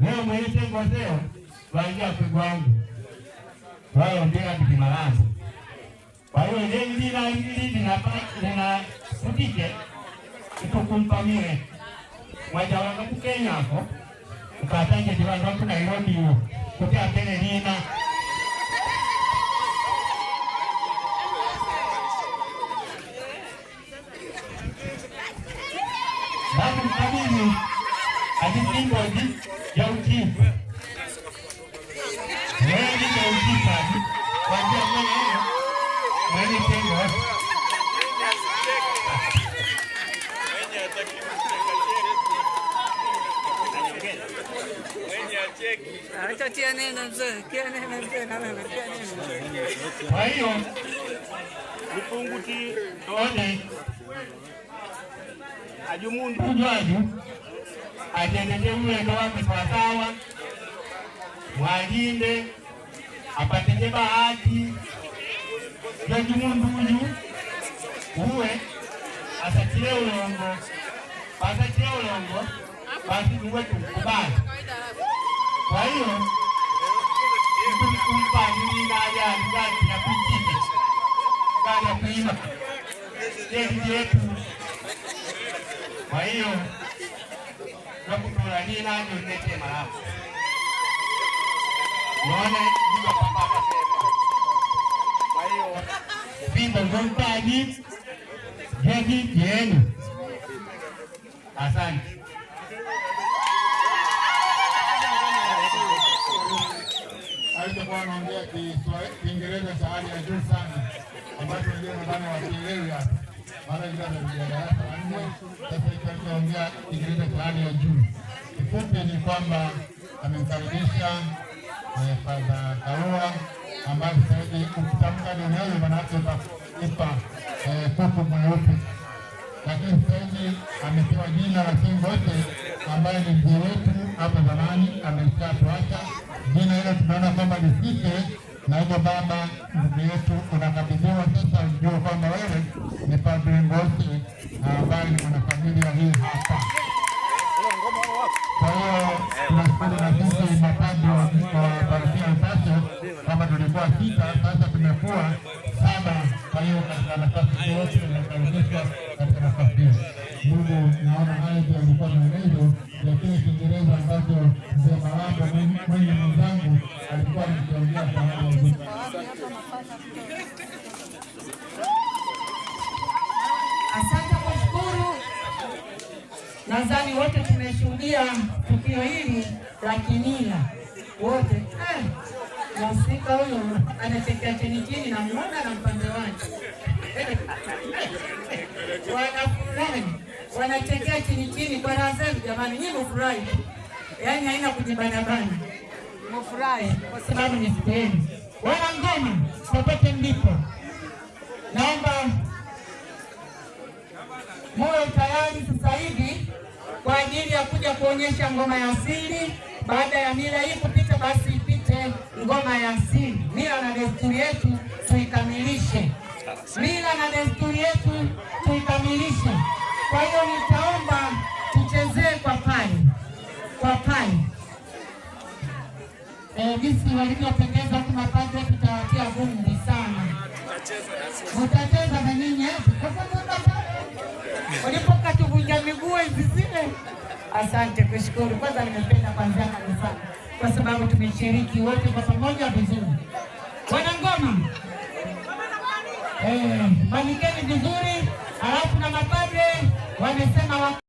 Leo mwenye tengo waingia pigo wangu. Wao ndio kitu malamu. Kwa hiyo ile hili na hili na kutike ikukumpa mire. Mwaja wangu kukenya hapo. Ukatanje diwani wangu Nairobi huko. Kutia tena nina Babu mkabidhi ajipingo kwa hiyo Lipunguti ajumundu kujwaju atendeje mwendo wake sawasawa, mwalinde apateje bahati yeju mundu uyu uwe asatile ulongo pasatile ulongo basi tuwe tumkubali. Kwa hiyo kumpalililayaligaiyakucii gaya kuiba yetu yetu, kwa hiyo Nina niulete maradhi. Unaona ndio papata sema. Kwa hiyo pinda zontaji jegi yenu. Asante. Alikuwa anaongea Kiingereza cha hali ya juu sana ambacho wengine nadhani wakielewi hapa. Maana ile ndio darasa la 4 sasa ikaongea Kiingereza cha hali ya juu. Kifupi ni kwamba amemkaribisha eh, Fadha kaua ambaye sasa ukitamka jina hilo manake eh, kuku mweupe, lakini sasa hivi amepewa jina la Kingote ambaye ni mzee wetu hapa zamani, amesha tuacha jina hilo, tunaona kwamba ni na hivyo baba, ndugu yetu, unakabidhiwa sasa, ujue kwamba wewe ni Padre Ngosi ambaye ni kwamba tulikuwa sita, sasa tumekuwa saba. Kwa hiyo katika nafasi yote tunakaribishwa katika nafasi hiyo. Ndugu, naona hayo ndio yalikuwa maelezo ya kile Kiingereza ambacho mzee Mawambo mwenye mwenzangu alikuwa amekiongea kwa hao Asante kushukuru. Nadhani wote tumeshuhudia tukio hili la kimila wote eh. Mwafrika huyo anatembea chini chini, na muona na mpande wake wanafurahi, wanatembea chini chini kwa raha zenu. Jamani, nyinyi mufurahi yaani haina kujibanabana, mfurahi kwa sababu ni sehemu. Wana ngoma popote mlipo, naomba muwe tayari sasa hivi kwa ajili ya kuja kuonyesha ngoma ya asili. Baada ya mila hii kupita, basi ngoma ya asili, mila na desturi yetu tuikamilishe, mila na desturi yetu tuikamilishe. Kwa hiyo nitaomba tuchezee kwa pale, kwa pale jinsi e, walivyopendeza kuna padre, tutawatia vumbi sana, mtacheza na nyinyi ulipokatuvunja miguu zile. Asante kushukuru kwanza, nimependa kwanzia kanisani kwa sababu tumeshiriki wote kwa pamoja vizuri. Wanangoma eh, malikeni vizuri, alafu na mapadre wamesema